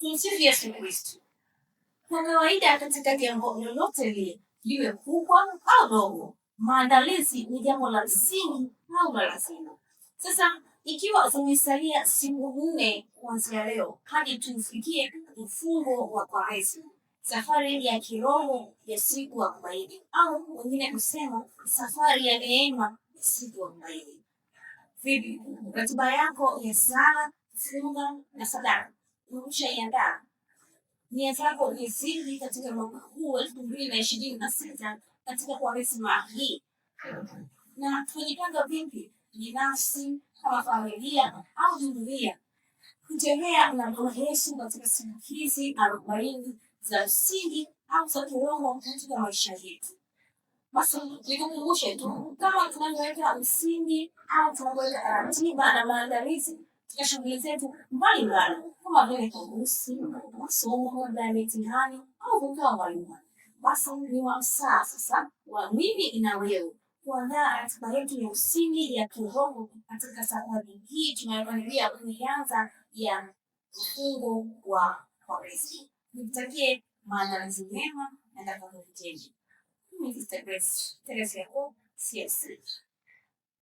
Jinsi Yesu Kristo kwa kawaida katika jambo lolote lile, liwe kubwa au dogo, maandalizi ni jambo la msingi au la lazima. Sasa ikiwa zimesalia siku nne kuanzia leo hadi tufikie mfungo wa Kwaresma, safari ya kiroho ya siku arobaini au wengine kusema safari ya neema ya siku arobaini. Vipi ratiba yako ya sala, funga na sadaka? umeshaiandaa nia zako ni katika mwaka huu elfu mbili na ishirini na sita katika Kwaresima hii, na tumejipanga vipi binafsi kama familia au jumuiya kutembea na Bwana Yesu katika siku hizi arobaini za msingi au za kiroho katika maisha yetu. Basi nikukumbushe tu, kama tunavyoweka msingi au tunavyoweka ratiba na maandalizi katika shughuli zetu mbalimbali kama vile kuruhusi masomo ya mitihani au kutoa mwalimu. Basi ni wasaa sasa wa mimi ina wewe kuandaa ratiba yetu ya usingi ya kiroho katika safari hii tunayokaribia kuianza ya mfungo wa Kwaresima. Nikutakie maandalizi mema na ndakaoviteji. Mimi Sister Grace Teresa Yakobo CSC.